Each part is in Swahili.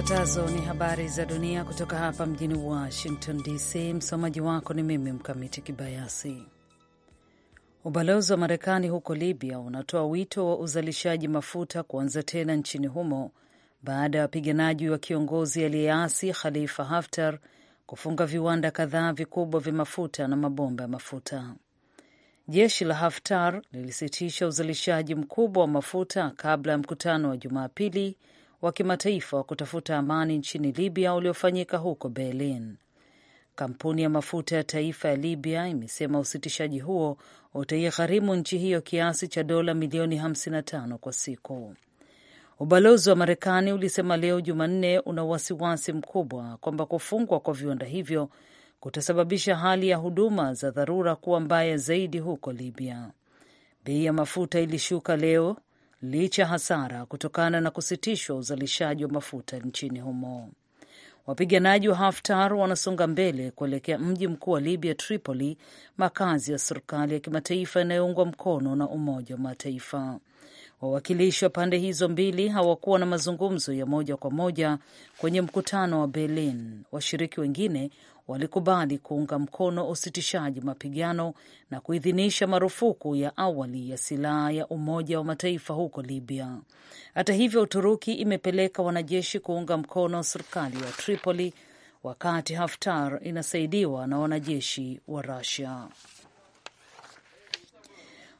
Zifuatazo ni habari za dunia kutoka hapa mjini Washington DC. Msomaji wako ni mimi Mkamiti Kibayasi. Ubalozi wa Marekani huko Libya unatoa wito wa uzalishaji mafuta kuanza tena nchini humo baada ya wapiganaji wa kiongozi aliyeasi Khalifa Haftar kufunga viwanda kadhaa vikubwa vya mafuta na mabomba ya mafuta. Jeshi la Haftar lilisitisha uzalishaji mkubwa wa mafuta kabla ya mkutano wa Jumapili wa kimataifa wa kutafuta amani nchini Libya uliofanyika huko Berlin. Kampuni ya mafuta ya taifa ya Libya imesema usitishaji huo utaigharimu nchi hiyo kiasi cha dola milioni 55 kwa siku. Ubalozi wa Marekani ulisema leo Jumanne una wasiwasi mkubwa kwamba kufungwa kwa viwanda hivyo kutasababisha hali ya huduma za dharura kuwa mbaya zaidi huko Libya. Bei ya mafuta ilishuka leo licha ya hasara kutokana na kusitishwa uzalishaji wa mafuta nchini humo. Wapiganaji wa Haftar wanasonga mbele kuelekea mji mkuu wa Libya, Tripoli, makazi ya serikali ya kimataifa yanayoungwa mkono na Umoja wa Mataifa. Wawakilishi wa pande hizo mbili hawakuwa na mazungumzo ya moja kwa moja kwenye mkutano wa Berlin. Washiriki wengine walikubali kuunga mkono usitishaji mapigano na kuidhinisha marufuku ya awali ya silaha ya Umoja wa Mataifa huko Libya. Hata hivyo, Uturuki imepeleka wanajeshi kuunga mkono serikali ya Tripoli, wakati Haftar inasaidiwa na wanajeshi wa Rusia.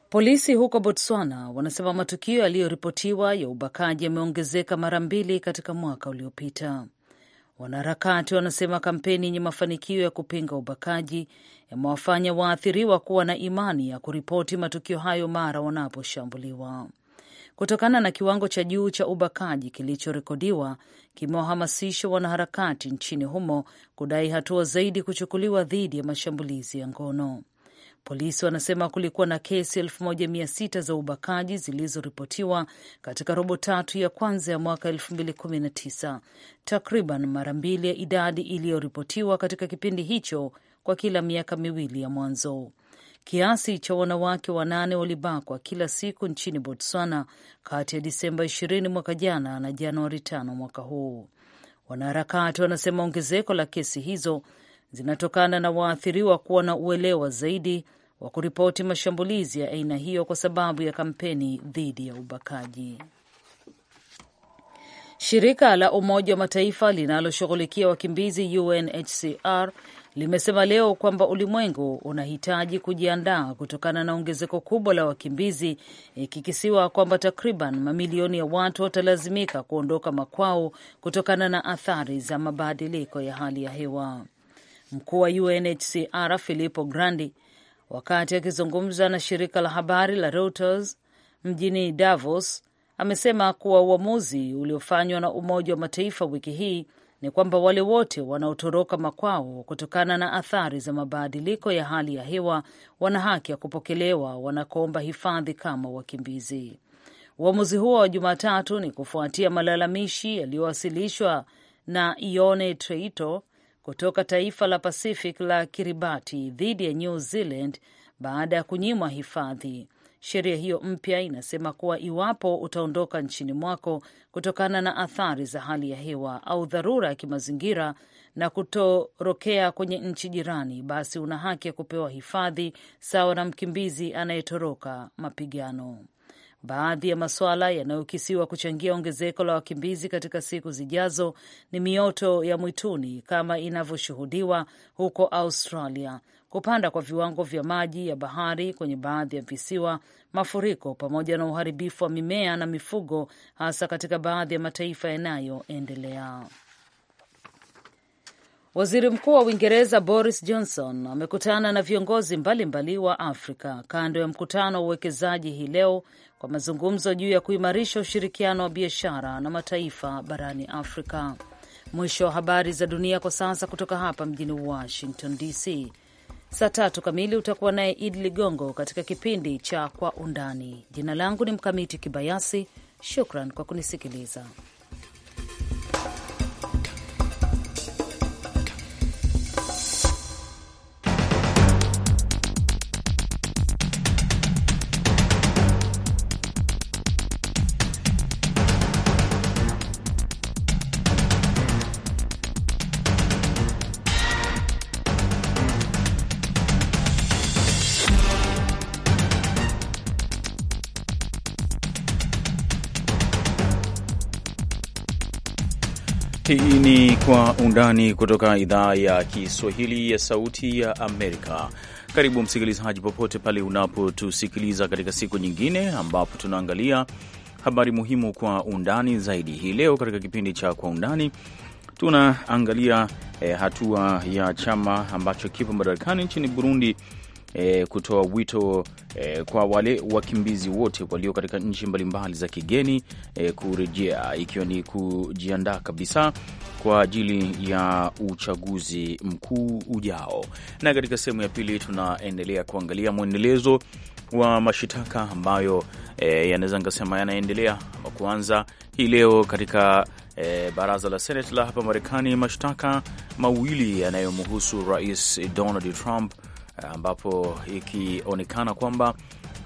Polisi huko Botswana wanasema matukio yaliyoripotiwa ya ubakaji yameongezeka mara mbili katika mwaka uliopita. Wanaharakati wanasema kampeni yenye mafanikio ya kupinga ubakaji yamewafanya waathiriwa kuwa na imani ya kuripoti matukio hayo mara wanaposhambuliwa. Kutokana na kiwango cha juu cha ubakaji kilichorekodiwa, kimewahamasisha wanaharakati nchini humo kudai hatua zaidi kuchukuliwa dhidi ya mashambulizi ya ngono. Polisi wanasema kulikuwa na kesi 1600 za ubakaji zilizoripotiwa katika robo tatu ya kwanza ya mwaka 2019, takriban mara mbili ya idadi iliyoripotiwa katika kipindi hicho kwa kila miaka miwili ya mwanzo. Kiasi cha wanawake wanane walibakwa kila siku nchini Botswana kati ya Disemba 20 mwaka jana na Januari 5 mwaka huu. Wanaharakati wanasema ongezeko la kesi hizo zinatokana na waathiriwa kuwa na uelewa zaidi wa kuripoti mashambulizi ya aina hiyo kwa sababu ya kampeni dhidi ya ubakaji. Shirika la Umoja wa Mataifa linaloshughulikia wakimbizi UNHCR limesema leo kwamba ulimwengu unahitaji kujiandaa kutokana na ongezeko kubwa la wakimbizi, ikikisiwa kwamba takriban mamilioni ya watu watalazimika kuondoka makwao kutokana na athari za mabadiliko ya hali ya hewa mkuu wa UNHCR Filippo Grandi wakati akizungumza na shirika la habari la Reuters mjini Davos amesema kuwa uamuzi uliofanywa na Umoja wa Mataifa wiki hii ni kwamba wale wote wanaotoroka makwao kutokana na athari za mabadiliko ya hali ya hewa wana haki ya kupokelewa wanakoomba hifadhi kama wakimbizi. Uamuzi huo wa Jumatatu ni kufuatia malalamishi yaliyowasilishwa na Ione Treito, kutoka taifa la Pacific la Kiribati dhidi ya New Zealand baada ya kunyimwa hifadhi. Sheria hiyo mpya inasema kuwa iwapo utaondoka nchini mwako kutokana na athari za hali ya hewa au dharura ya kimazingira na kutorokea kwenye nchi jirani, basi una haki ya kupewa hifadhi sawa na mkimbizi anayetoroka mapigano. Baadhi ya masuala yanayokisiwa kuchangia ongezeko la wakimbizi katika siku zijazo ni mioto ya mwituni kama inavyoshuhudiwa huko Australia, kupanda kwa viwango vya maji ya bahari kwenye baadhi ya visiwa, mafuriko pamoja na uharibifu wa mimea na mifugo, hasa katika baadhi ya mataifa yanayoendelea. Waziri Mkuu wa Uingereza Boris Johnson amekutana na viongozi mbalimbali mbali wa Afrika kando ya mkutano wa uwekezaji hii leo kwa mazungumzo juu ya kuimarisha ushirikiano wa biashara na mataifa barani Afrika. Mwisho wa habari za dunia kwa sasa kutoka hapa mjini Washington DC. Saa tatu kamili utakuwa naye Idi Ligongo katika kipindi cha Kwa Undani. Jina langu ni Mkamiti Kibayasi. Shukran kwa kunisikiliza. Kwa undani kutoka idhaa ya Kiswahili ya Sauti ya Amerika. Karibu msikilizaji, popote pale unapotusikiliza katika siku nyingine ambapo tunaangalia habari muhimu kwa undani zaidi. Hii leo katika kipindi cha Kwa Undani tunaangalia eh, hatua ya chama ambacho kipo madarakani nchini Burundi e, kutoa wito e, kwa wale wakimbizi wote walio katika nchi mbalimbali za kigeni e, kurejea, ikiwa ni kujiandaa kabisa kwa ajili ya uchaguzi mkuu ujao. Na katika sehemu ya pili tunaendelea kuangalia mwendelezo wa mashitaka ambayo e, yanaweza nikasema yanaendelea ama kuanza hii leo katika e, baraza la Senate la hapa Marekani, mashtaka mawili yanayomhusu Rais Donald Trump ambapo ikionekana kwamba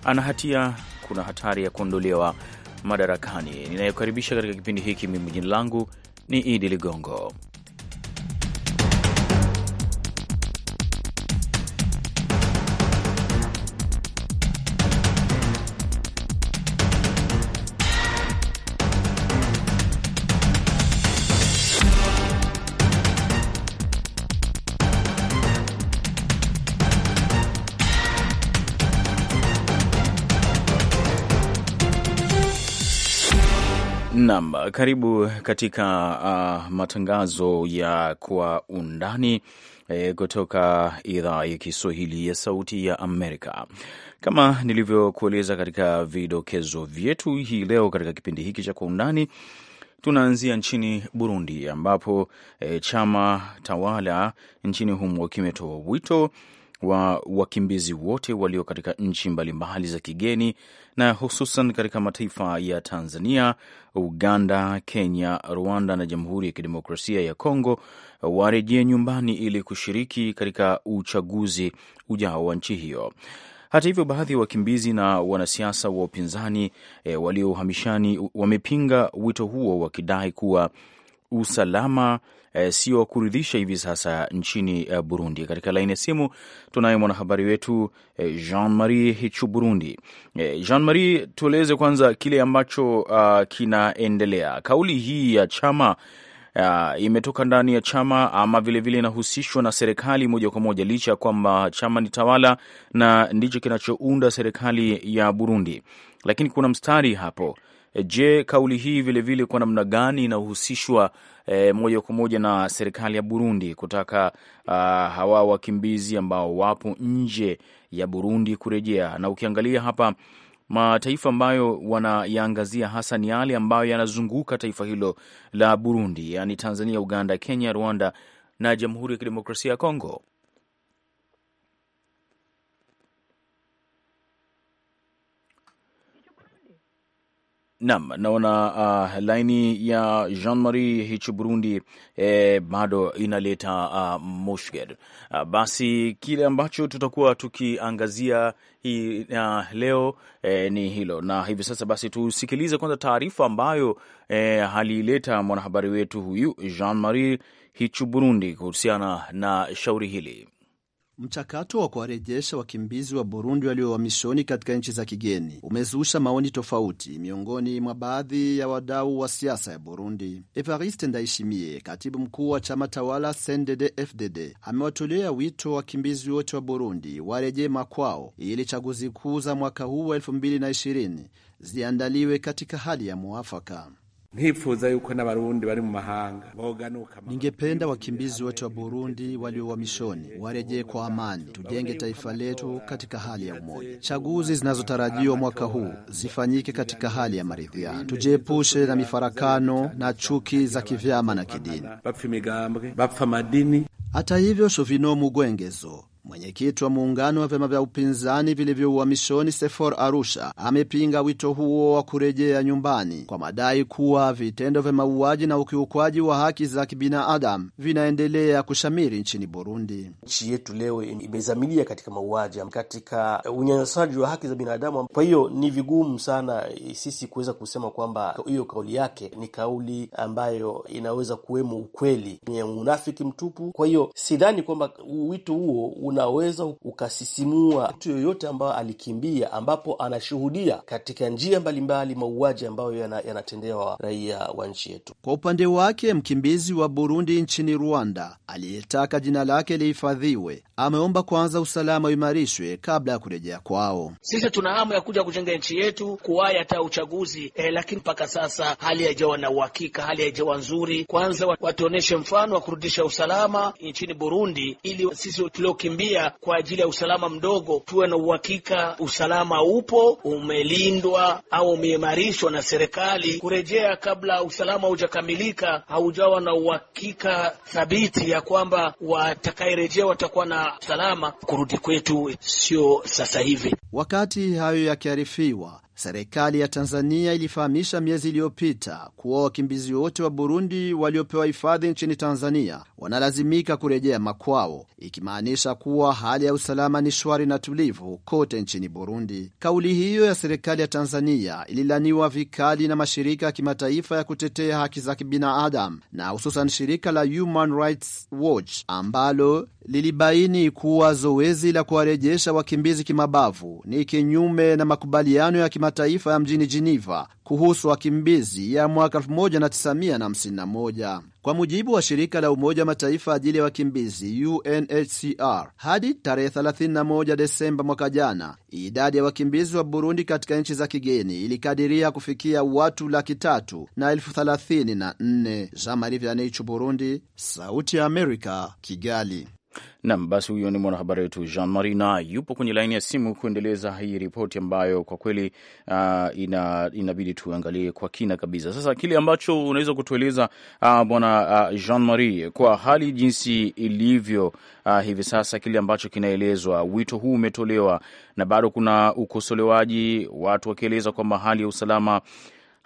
ana hatia, kuna hatari ya kuondolewa madarakani. Ninayokaribisha katika kipindi hiki, mimi jina langu ni Idi Ligongo. Naam, karibu katika uh, matangazo ya kwa undani eh, kutoka idhaa ya Kiswahili ya Sauti ya Amerika. Kama nilivyokueleza katika vidokezo vyetu, hii leo katika kipindi hiki cha kwa undani tunaanzia nchini Burundi ambapo e, chama tawala nchini humo kimetoa wito wa wakimbizi wote walio katika nchi mbalimbali za kigeni na hususan katika mataifa ya Tanzania, Uganda, Kenya, Rwanda na Jamhuri ya Kidemokrasia ya Kongo warejee nyumbani ili kushiriki katika uchaguzi ujao wa nchi hiyo. Hata hivyo, baadhi ya wakimbizi na wanasiasa wa upinzani e, walio uhamishani wamepinga wito huo wakidai kuwa usalama e, sio wa kuridhisha hivi sasa nchini e, Burundi. Katika laini ya simu tunaye mwanahabari wetu e, eh, Jean Marie Hichu Burundi. E, Jean Marie, tueleze kwanza kile ambacho a, ah, kinaendelea. Kauli hii ya chama Uh, imetoka ndani ya chama ama vilevile inahusishwa na serikali moja kwa moja, licha ya kwamba chama ni tawala na ndicho kinachounda serikali ya Burundi, lakini kuna mstari hapo E, je, kauli hii vilevile kwa namna gani inahusishwa e, moja kwa moja na serikali ya Burundi kutaka a, hawa wakimbizi ambao wapo nje ya Burundi kurejea? Na ukiangalia hapa mataifa ambayo wanayaangazia hasa ni yale ambayo yanazunguka taifa hilo la Burundi, yaani Tanzania, Uganda, Kenya, Rwanda na Jamhuri ya Kidemokrasia ya Kongo. Naam, naona uh, laini ya Jean Marie hichi Burundi eh, bado inaleta uh, ah, mushged uh, ah, basi kile ambacho tutakuwa tukiangazia hii uh, leo eh, ni hilo, na hivi sasa basi tusikilize kwanza taarifa ambayo eh, alileta mwanahabari wetu huyu Jean Marie hichi Burundi kuhusiana na shauri hili. Mchakato wa kuwarejesha wakimbizi wa Burundi waliohamishoni katika nchi za kigeni umezusha maoni tofauti miongoni mwa baadhi ya wadau wa siasa ya Burundi. Evariste Ndayishimiye, katibu mkuu wa chama tawala CNDD-FDD, amewatolea wito wakimbizi wote wa Burundi warejee makwao ili chaguzi kuu za mwaka huu wa 220 ziandaliwe katika hali ya mwafaka. Ningependa wakimbizi wote wa Burundi walio mishoni warejee kwa amani, tujenge taifa letu katika hali ya umoja. Chaguzi zinazotarajiwa mwaka huu zifanyike katika hali ya maridhiano, tujiepushe na mifarakano na chuki za kivyama na kidini. Hata hivyo, Shovino Mugwengezo Mwenyekiti wa muungano wa vyama vya upinzani vilivyo uhamishoni Sefor Arusha amepinga wito huo wa kurejea nyumbani kwa madai kuwa vitendo vya mauaji na ukiukwaji wa haki za kibinadamu vinaendelea kushamiri nchini Burundi. Nchi yetu leo imezamilia katika mauaji, katika unyanyasaji wa haki za binadamu. Kwa hiyo ni vigumu sana sisi kuweza kusema kwamba hiyo kauli yake ni kauli ambayo inaweza kuwemo ukweli, ni unafiki mtupu. Kwa hiyo sidhani kwamba wito huo una unaweza ukasisimua mtu yoyote ambayo alikimbia, ambapo anashuhudia katika njia mbalimbali mauaji ambayo yanatendewa raia wa nchi yetu. Kwa upande wake, mkimbizi wa Burundi nchini Rwanda aliyetaka jina lake lihifadhiwe ameomba kwanza usalama uimarishwe kabla ya kurejea kwao. Sisi tuna hamu ya kuja kujenga nchi yetu, kuwaya hata uchaguzi eh, lakini mpaka sasa hali haijawa na uhakika, hali haijawa nzuri. Kwanza watuonyeshe mfano wa kurudisha usalama nchini Burundi ili sisi tuliokimbia raia kwa ajili ya usalama mdogo, tuwe na uhakika usalama upo, umelindwa au umeimarishwa na serikali. Kurejea kabla usalama hujakamilika, haujawa na uhakika thabiti ya kwamba watakayerejea watakuwa na usalama kurudi kwetu sio sasa hivi. Wakati hayo yakiarifiwa Serikali ya Tanzania ilifahamisha miezi iliyopita kuwa wakimbizi wote wa Burundi waliopewa hifadhi nchini Tanzania wanalazimika kurejea makwao, ikimaanisha kuwa hali ya usalama ni shwari na tulivu kote nchini Burundi. Kauli hiyo ya serikali ya Tanzania ililaniwa vikali na mashirika ya kimataifa ya kutetea haki za kibinadamu na hususan shirika la Human Rights Watch ambalo lilibaini kuwa zoezi la kuwarejesha wakimbizi kimabavu ni kinyume na makubaliano ya kimataifa ya mjini Geneva kuhusu wakimbizi ya mwaka 1951. Kwa mujibu wa shirika la Umoja wa Mataifa ajili ya wakimbizi UNHCR, hadi tarehe 31 Desemba mwaka jana, idadi ya wakimbizi wa Burundi katika nchi za kigeni ilikadiria kufikia watu laki tatu na elfu thelathini na nne. Jean Marie Vianney, Burundi, Sauti ya Amerika, Kigali. Nam, basi huyo ni mwanahabari wetu Jean Marie na yupo kwenye laini ya simu kuendeleza hii ripoti ambayo kwa kweli uh, ina, inabidi tuangalie kwa kina kabisa. Sasa kile ambacho unaweza kutueleza uh, bwana uh, Jean Marie, kwa hali jinsi ilivyo uh, hivi sasa, kile ambacho kinaelezwa, wito huu umetolewa na bado kuna ukosolewaji, watu wakieleza kwamba hali ya usalama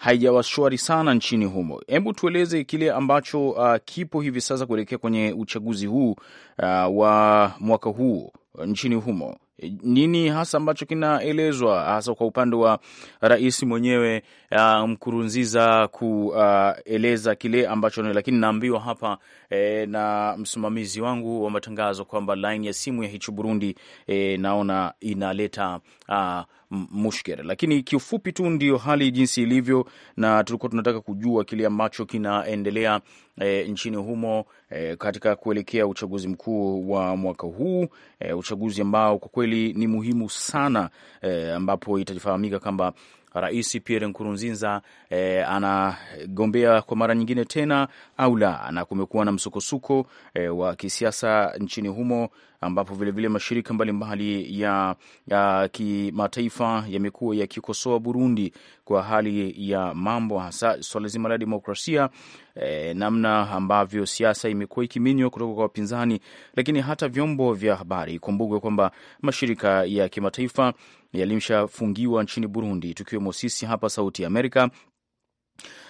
haijawashwari sana nchini humo. Hebu tueleze kile ambacho uh, kipo hivi sasa kuelekea kwenye uchaguzi huu uh, wa mwaka huu nchini humo. Nini hasa ambacho kinaelezwa hasa kwa upande wa rais mwenyewe uh, Mkurunziza kueleza uh, kile ambacho, lakini naambiwa hapa eh, na msimamizi wangu wa matangazo kwamba laini ya simu ya hicho Burundi eh, naona inaleta uh, mushker Lakini kiufupi tu ndio hali jinsi ilivyo, na tulikuwa tunataka kujua kile ambacho kinaendelea e, nchini humo e, katika kuelekea uchaguzi mkuu wa mwaka huu e, uchaguzi ambao kwa kweli ni muhimu sana e, ambapo itafahamika kwamba Rais Pierre Nkurunziza e, anagombea kwa mara nyingine tena au la, na kumekuwa na msukosuko e, wa kisiasa nchini humo ambapo vilevile mashirika mbalimbali mbali ya, ya kimataifa yamekuwa yakikosoa Burundi kwa hali ya mambo, hasa swala zima la demokrasia e, namna ambavyo siasa imekuwa ikiminywa kutoka kwa wapinzani, lakini hata vyombo vya habari. Ikumbukwe kwamba mashirika ya kimataifa yalimshafungiwa nchini Burundi, tukiwemo sisi hapa Sauti ya Amerika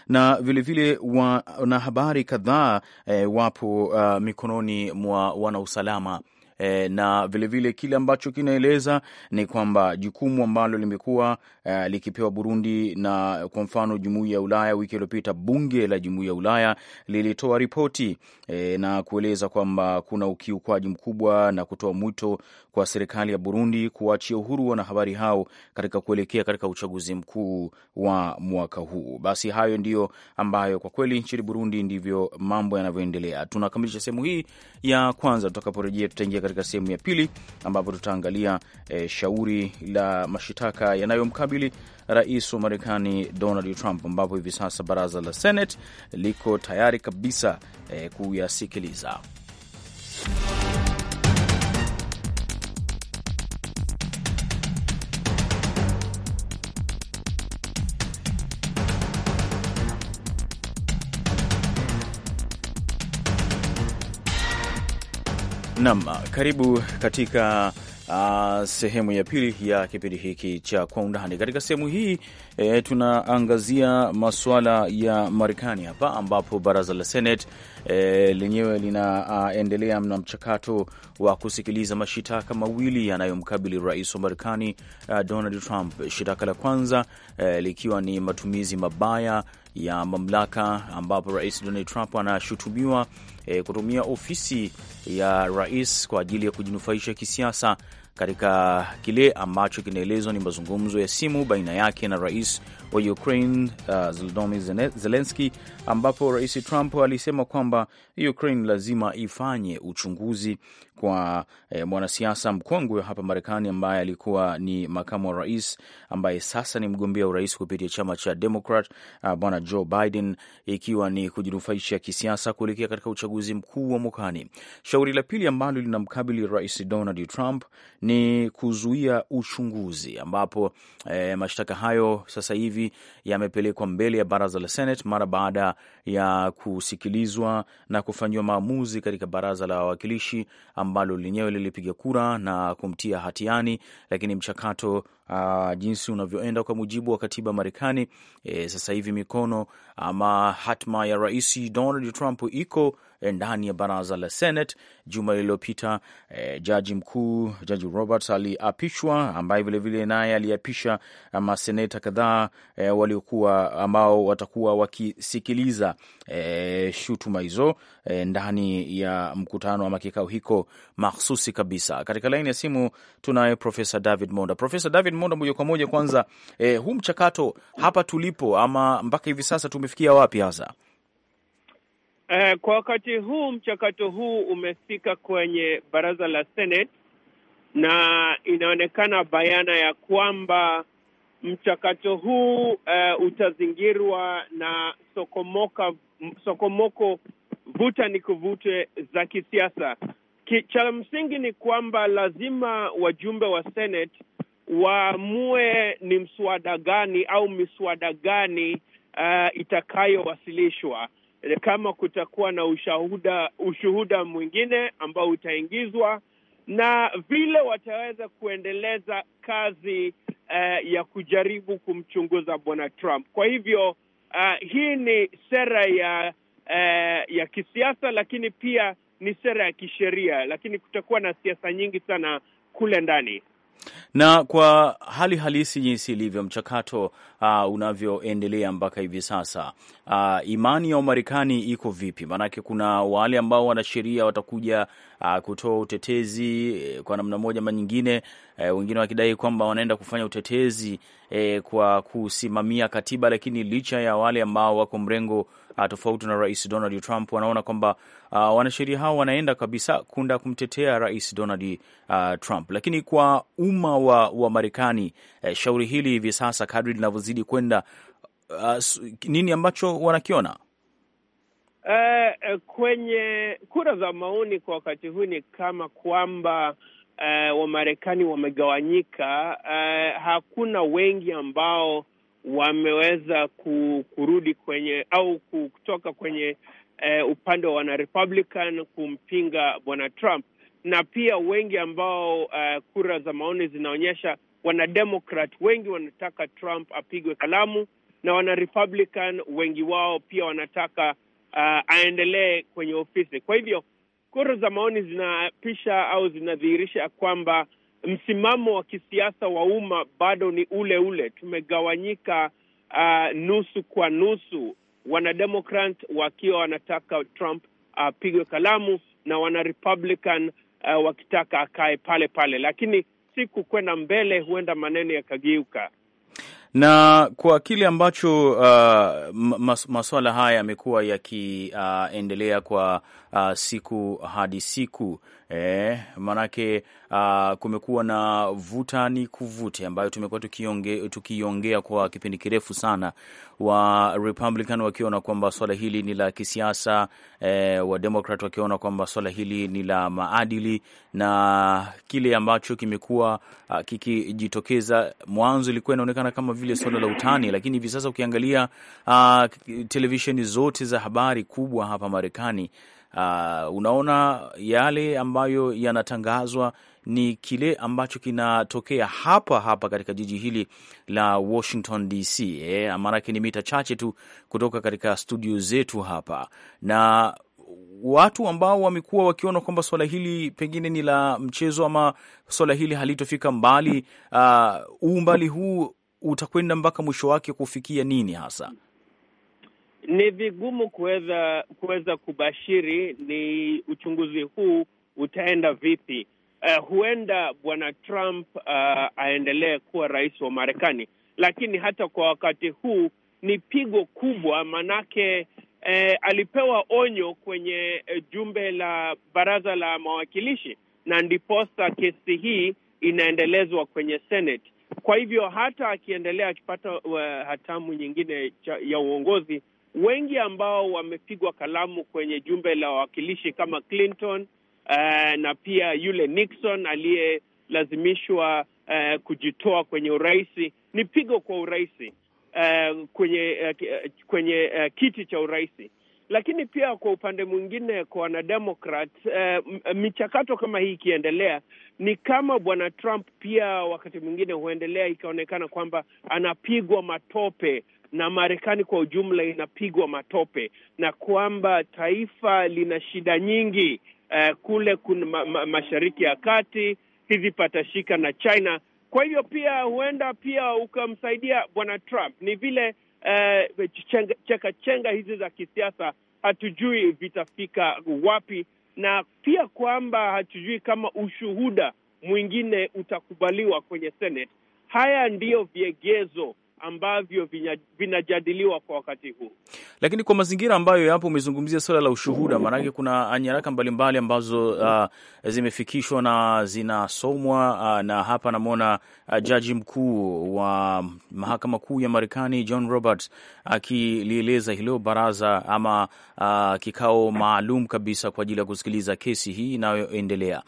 na vilevile wanahabari kadhaa e, wapo uh, mikononi mwa wanausalama e, na vilevile kile ambacho kinaeleza ni kwamba jukumu ambalo limekuwa e, likipewa Burundi na kwa mfano jumuiya ya Ulaya. Wiki iliyopita bunge la jumuiya ya Ulaya lilitoa ripoti e, na kueleza kwamba kuna ukiukwaji mkubwa na kutoa mwito kwa serikali ya Burundi kuachia uhuru wanahabari hao katika kuelekea katika uchaguzi mkuu wa mwaka huu. Basi hayo ndiyo ambayo kwa kweli nchini Burundi ndivyo mambo yanavyoendelea. Tunakamilisha sehemu hii ya kwanza, tutakaporejea tutaingia katika sehemu ya pili ambapo tutaangalia e, shauri la mashitaka yanayomkabili rais wa Marekani Donald Trump, ambapo hivi sasa baraza la Senate liko tayari kabisa e, kuyasikiliza. nam karibu katika Uh, sehemu ya pili ya kipindi hiki cha kwa undani. Katika sehemu hii e, tunaangazia masuala ya Marekani hapa ambapo baraza la Senate e, lenyewe linaendelea na mchakato wa kusikiliza mashitaka mawili yanayomkabili rais wa Marekani uh, Donald Trump. Shitaka la kwanza e, likiwa ni matumizi mabaya ya mamlaka ambapo rais Donald Trump anashutumiwa e, kutumia ofisi ya rais kwa ajili ya kujinufaisha kisiasa katika kile ambacho kinaelezwa ni mazungumzo ya simu baina yake na rais wa Ukraine uh, Volodymyr Zelensky, ambapo rais Trump alisema kwamba Ukraine lazima ifanye uchunguzi kwa e, mwanasiasa mkongwe hapa Marekani ambaye alikuwa ni makamu wa rais ambaye sasa ni mgombea urais kupitia chama cha Democrat, ah, bwana Joe Biden, ikiwa ni kujinufaisha kisiasa kuelekea katika uchaguzi mkuu wa mwakani. Shauri la pili ambalo linamkabili rais Donald Trump ni kuzuia uchunguzi, ambapo e, mashtaka hayo sasa hivi yamepelekwa mbele ya baraza la Senate mara baada ya kusikilizwa na kufanyiwa maamuzi katika baraza la wawakilishi ambalo lenyewe lilipiga kura na kumtia hatiani, lakini mchakato uh, jinsi unavyoenda kwa mujibu wa katiba Marekani. E, sasa hivi mikono ama hatma ya Rais Donald Trump iko eh, ndani ya baraza la Senate. Juma lililopita e, jaji mkuu jaji Roberts aliapishwa, ambaye vilevile naye aliapisha maseneta kadhaa e, waliokuwa ambao watakuwa wakisikiliza e, shutuma hizo e, ndani ya mkutano ama kikao hiko mahsusi kabisa. Katika laini ya simu tunaye Profesa David Monda. Profesa David Stephen Mondo, moja kwa moja, kwanza eh, huu mchakato hapa tulipo ama mpaka hivi sasa tumefikia wapi hasa? Eh, kwa wakati huu mchakato huu umefika kwenye baraza la Senate na inaonekana bayana ya kwamba mchakato huu uh, utazingirwa na sokomoka sokomoko, vuta ni kuvute za kisiasa. Cha msingi ni kwamba lazima wajumbe wa Senate waamue ni mswada gani au miswada gani uh, itakayowasilishwa kama kutakuwa na ushahuda, ushuhuda mwingine ambao utaingizwa na vile wataweza kuendeleza kazi uh, ya kujaribu kumchunguza bwana Trump. Kwa hivyo uh, hii ni sera ya uh, ya kisiasa, lakini pia ni sera ya kisheria, lakini kutakuwa na siasa nyingi sana kule ndani na kwa hali halisi jinsi ilivyo mchakato uh, unavyoendelea mpaka hivi sasa uh, imani ya Umarekani iko vipi? Maanake kuna wale ambao wanasheria watakuja Ah, kutoa utetezi eh, kwa namna moja ama nyingine, eh, wengine wakidai kwamba wanaenda kufanya utetezi eh, kwa kusimamia katiba, lakini licha ya wale ambao wako mrengo ah, tofauti na Rais Donald Trump wanaona kwamba uh, wanasheria hao wanaenda kabisa kunda kumtetea Rais Donald uh, Trump. Lakini kwa umma wa, wa Marekani uh, shauri hili hivi sasa kadri linavyozidi kwenda, uh, nini ambacho wanakiona Eh, kwenye kura za maoni kwa wakati huu ni kama kwamba uh, Wamarekani wamegawanyika. Eh, hakuna wengi ambao wameweza kurudi kwenye au kutoka kwenye eh, upande wa Republican kumpinga bwana Trump, na pia wengi ambao eh, kura za maoni zinaonyesha wanademokrat wengi wanataka Trump apigwe kalamu, na Republican wengi wao pia wanataka uh, aendelee kwenye ofisi. Kwa hivyo kura za maoni zinapisha au zinadhihirisha kwamba msimamo wa kisiasa wa umma bado ni ule ule, tumegawanyika uh, nusu kwa nusu, wanademokrat wakiwa wanataka Trump apigwe uh, kalamu na wanarepublican uh, wakitaka akae pale pale, lakini siku kwenda mbele, huenda maneno yakageuka na kwa kile ambacho uh, mas, masuala haya yamekuwa yakiendelea uh, kwa uh, siku hadi siku eh, maanake uh, kumekuwa na vuta ni kuvute ambayo tumekuwa tukiongea tukiongea kwa kipindi kirefu sana, wa Republican wakiona kwamba swala hili ni la kisiasa eh, wa Democrat wakiona kwamba swala hili ni la maadili, na kile ambacho kimekuwa uh, kikijitokeza, mwanzo ilikuwa inaonekana kama vile swala la utani, lakini hivi sasa ukiangalia uh, televisheni zote za habari kubwa hapa Marekani Uh, unaona yale ambayo yanatangazwa ni kile ambacho kinatokea hapa hapa katika jiji hili la Washington DC, eh, maanake ni mita chache tu kutoka katika studio zetu hapa na watu ambao wamekuwa wakiona kwamba swala hili pengine ni la mchezo ama swala hili halitofika mbali, uh, umbali huu utakwenda mpaka mwisho wake kufikia nini hasa? Ni vigumu kuweza kuweza kubashiri ni uchunguzi huu utaenda vipi. Uh, huenda bwana Trump uh, aendelee kuwa rais wa Marekani, lakini hata kwa wakati huu ni pigo kubwa, manake eh, alipewa onyo kwenye eh, jumbe la baraza la mawakilishi, na ndiposa kesi hii inaendelezwa kwenye Senate. Kwa hivyo hata akiendelea akipata uh, hatamu nyingine cha, ya uongozi wengi ambao wamepigwa kalamu kwenye jumbe la wawakilishi kama Clinton uh, na pia yule Nixon aliyelazimishwa uh, kujitoa kwenye uraisi ni pigo kwa uraisi uh, kwenye uh, kwenye uh, kiti cha uraisi lakini pia kwa upande mwingine kwa wanademokrat uh, michakato kama hii ikiendelea, ni kama bwana Trump pia wakati mwingine huendelea, ikaonekana kwamba anapigwa matope na Marekani kwa ujumla inapigwa matope na kwamba taifa lina shida nyingi uh, kule kuna ma ma Mashariki ya Kati, hizi patashika na China. Kwa hivyo pia huenda pia ukamsaidia bwana Trump. Ni vile uh, eh, chenga, cheka chenga hizi za kisiasa hatujui vitafika wapi, na pia kwamba hatujui kama ushuhuda mwingine utakubaliwa kwenye Senate. Haya ndiyo viegezo ambavyo vinajadiliwa kwa wakati huu, lakini kwa mazingira ambayo yapo, umezungumzia suala la ushuhuda, maanake kuna ah, nyaraka mbalimbali ambazo uh, zimefikishwa na zinasomwa uh, na hapa namwona uh, jaji mkuu wa mahakama kuu ya Marekani John Roberts akilieleza uh, hilo baraza ama uh, kikao maalum kabisa kwa ajili ya kusikiliza kesi hii inayoendelea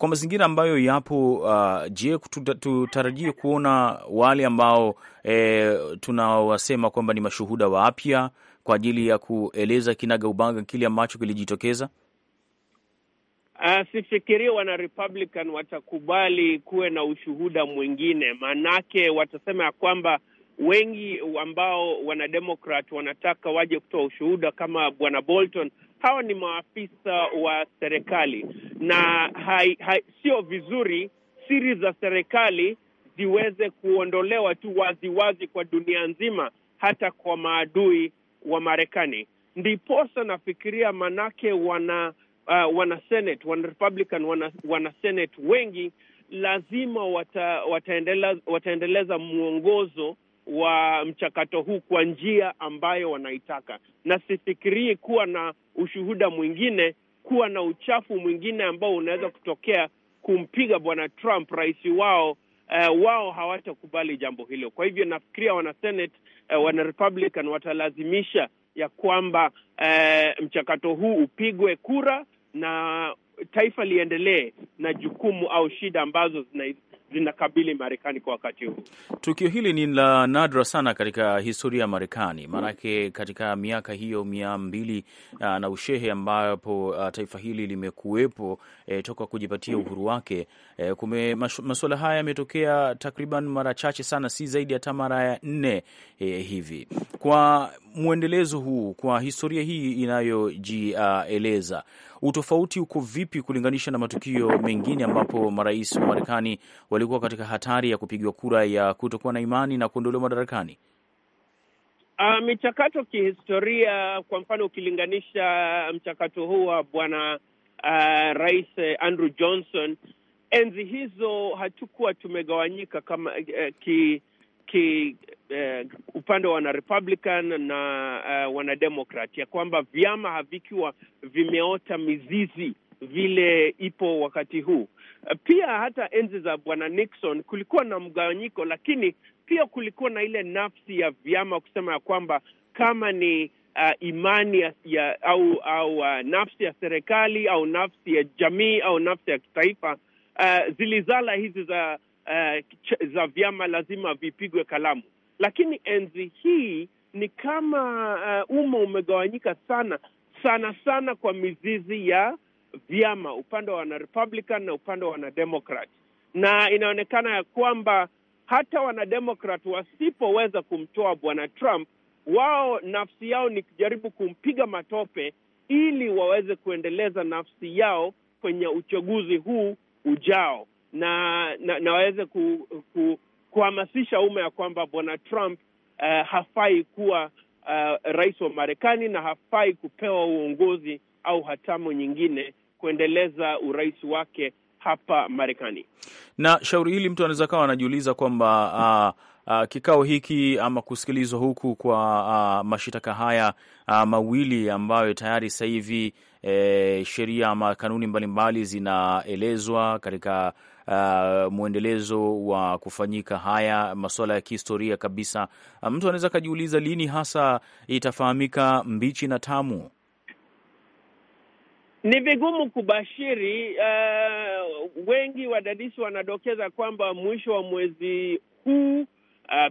kwa mazingira ambayo yapo uh, je, tutarajie kuona wale ambao e, tunawasema kwamba ni mashuhuda wapya kwa ajili ya kueleza kinaga ubaga kile ambacho kilijitokeza? Uh, sifikirie wana Republican watakubali kuwe na ushuhuda mwingine, maanake watasema ya kwamba wengi ambao wanademokrat wanataka waje kutoa ushuhuda kama bwana Bolton hawa ni maafisa wa serikali na hai, hai, sio vizuri siri za serikali ziweze kuondolewa tu waziwazi wazi kwa dunia nzima, hata kwa maadui wa Marekani. Ndiposa nafikiria manake wana uh, wana Senate, wana Republican, wana, wana Senate wengi lazima wata, wataendeleza, wataendeleza mwongozo wa mchakato huu kwa njia ambayo wanaitaka, na sifikirii kuwa na ushuhuda mwingine, kuwa na uchafu mwingine ambao unaweza kutokea kumpiga bwana Trump, rais wao. Uh, wao hawatakubali jambo hilo. Kwa hivyo nafikiria wana Senate, uh, wana Republican watalazimisha ya kwamba uh, mchakato huu upigwe kura na taifa liendelee na jukumu au shida ambazo zina zinakabili Marekani kwa wakati huu. Tukio hili ni la nadra sana katika historia ya Marekani, maanake katika miaka hiyo mia mbili uh, na ushehe ambapo uh, taifa hili limekuwepo e, toka kujipatia uhuru wake e, kume masuala haya yametokea takriban mara chache sana, si zaidi hata mara ya nne e, hivi kwa mwendelezo huu, kwa historia hii inayojieleza, uh, utofauti uko vipi kulinganisha na matukio mengine ambapo marais wa Marekani walikuwa katika hatari ya kupigwa kura ya kutokuwa na imani na kuondolewa madarakani? Uh, michakato kihistoria, kwa mfano, ukilinganisha mchakato huu wa bwana uh, rais eh, Andrew Johnson, enzi hizo hatukuwa tumegawanyika kama uh, ki, ki eh, upande wa wanarepublican na eh, wanademokrat ya kwamba vyama havikiwa vimeota mizizi vile ipo wakati huu. Eh, pia hata enzi za bwana Nixon kulikuwa na mgawanyiko, lakini pia kulikuwa na ile nafsi ya vyama kusema ya kwamba kama ni Uh, imani ya, ya, au au uh, nafsi ya serikali au nafsi ya jamii au nafsi ya kitaifa uh, zilizala hizi za uh, za vyama lazima vipigwe kalamu lakini enzi hii ni kama uh, umma umegawanyika sana sana sana kwa mizizi ya vyama, upande wa wanarepublican na upande wa wanademokrat, na inaonekana ya kwamba hata wanademokrat wasipoweza kumtoa bwana Trump, wao nafsi yao ni kujaribu kumpiga matope ili waweze kuendeleza nafsi yao kwenye uchaguzi huu ujao na, na, na waweze ku, ku, kuhamasisha umma ya kwamba bwana Trump uh, hafai kuwa uh, rais wa Marekani na hafai kupewa uongozi au hatamu nyingine kuendeleza urais wake hapa Marekani. Na shauri hili mtu anaweza kawa anajiuliza kwamba uh, Uh, kikao hiki ama kusikilizwa huku kwa uh, mashitaka haya uh, mawili ambayo tayari sasa hivi eh, sheria ama kanuni mbalimbali zinaelezwa katika uh, mwendelezo wa kufanyika haya masuala ya kihistoria kabisa. Uh, mtu anaweza akajiuliza lini hasa itafahamika mbichi na tamu. Ni vigumu kubashiri. Uh, wengi wadadisi wanadokeza kwamba mwisho wa mwezi huu, uh,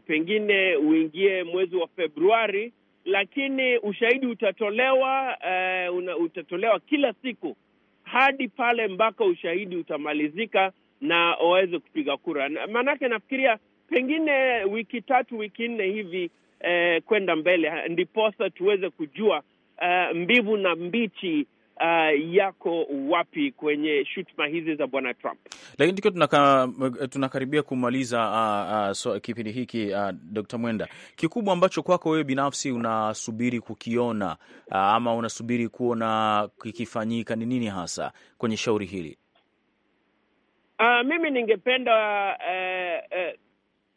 pengine uingie mwezi wa Februari, lakini ushahidi utatolewa, uh, una, utatolewa kila siku hadi pale mpaka ushahidi utamalizika na waweze kupiga kura. Maanake nafikiria pengine wiki tatu wiki nne hivi eh, kwenda mbele, ndiposa tuweze kujua eh, mbivu na mbichi Uh, yako wapi kwenye shutuma hizi za bwana Trump. Lakini tukiwa tunaka, tunakaribia kumaliza uh, uh, so, kipindi hiki uh, ah, Dr. Mwenda, kikubwa ambacho kwako wewe binafsi unasubiri kukiona uh, ama unasubiri kuona kikifanyika ni nini hasa kwenye shauri hili? Uh, mimi ningependa uh, uh,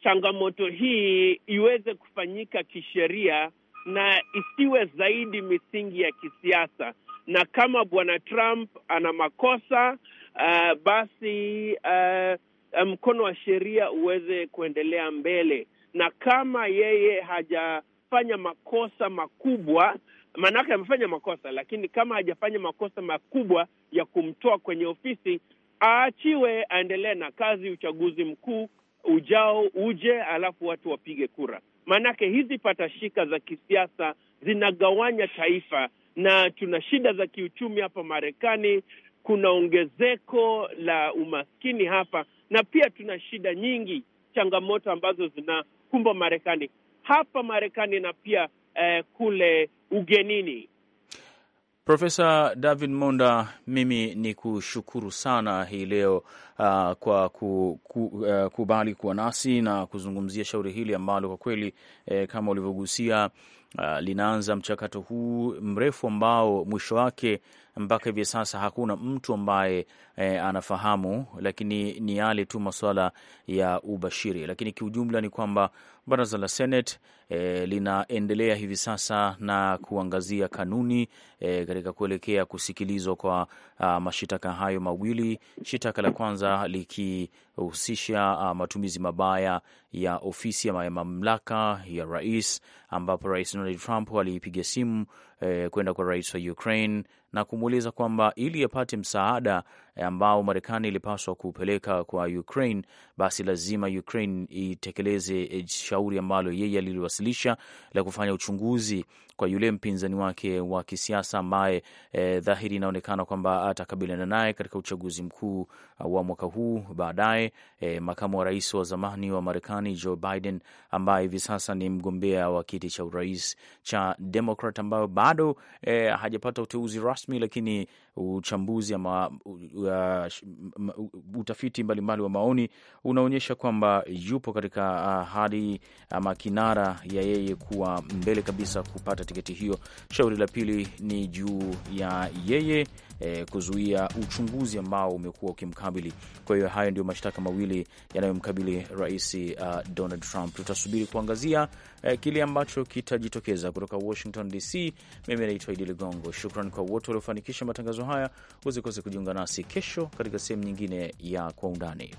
changamoto hii iweze kufanyika kisheria na isiwe zaidi misingi ya kisiasa, na kama bwana Trump ana makosa uh, basi uh, mkono wa sheria uweze kuendelea mbele, na kama yeye hajafanya makosa makubwa maanake amefanya makosa, lakini kama hajafanya makosa makubwa ya kumtoa kwenye ofisi, aachiwe aendelee na kazi, uchaguzi mkuu ujao uje, alafu watu wapige kura. Maanake hizi patashika za kisiasa zinagawanya taifa, na tuna shida za kiuchumi hapa Marekani, kuna ongezeko la umaskini hapa, na pia tuna shida nyingi, changamoto ambazo zinakumba Marekani hapa Marekani na pia eh, kule ugenini Profesa David Monda, mimi ni kushukuru sana hii leo uh, kwa ku, ku, uh, kubali kuwa nasi na kuzungumzia shauri hili ambalo kwa kweli eh, kama ulivyogusia uh, linaanza mchakato huu mrefu ambao mwisho wake mpaka hivi sasa hakuna mtu ambaye e, anafahamu, lakini ni yale tu masuala ya ubashiri. Lakini kiujumla ni kwamba baraza la Senate e, linaendelea hivi sasa na kuangazia kanuni e, katika kuelekea kusikilizwa kwa ah, mashitaka hayo mawili, shitaka la kwanza likihusisha ah, matumizi mabaya ya ofisi ama ya mamlaka ya rais, ambapo Rais Donald Trump aliipiga simu e, kwenda kwa rais wa Ukraine na kumuuliza kwamba ili apate msaada Eh, ambao Marekani ilipaswa kupeleka kwa Ukraine, basi lazima Ukraine itekeleze eh, shauri ambalo yeye aliliwasilisha la kufanya uchunguzi kwa yule mpinzani wake wa kisiasa ambaye e, dhahiri inaonekana kwamba atakabiliana naye katika uchaguzi mkuu wa mwaka huu baadaye. E, makamu wa rais wa zamani wa Marekani Joe Biden ambaye hivi sasa ni mgombea wa kiti cha urais cha Democrat ambayo bado e, hajapata uteuzi rasmi, lakini uchambuzi ama uh, utafiti mbalimbali wa maoni unaonyesha kwamba yupo katika uh, hali ama kinara ya yeye kuwa mbele kabisa kupata tiketi hiyo. Shauri la pili ni juu ya yeye eh, kuzuia uchunguzi ambao umekuwa ukimkabili. Kwa hiyo hayo ndio mashtaka mawili yanayomkabili rais uh, Donald Trump. Tutasubiri kuangazia eh, kile ambacho kitajitokeza kutoka Washington DC. Mimi naitwa Idi Ligongo, shukran kwa wote waliofanikisha matangazo haya. Usikose kujiunga nasi kesho katika sehemu nyingine ya Kwa Undani.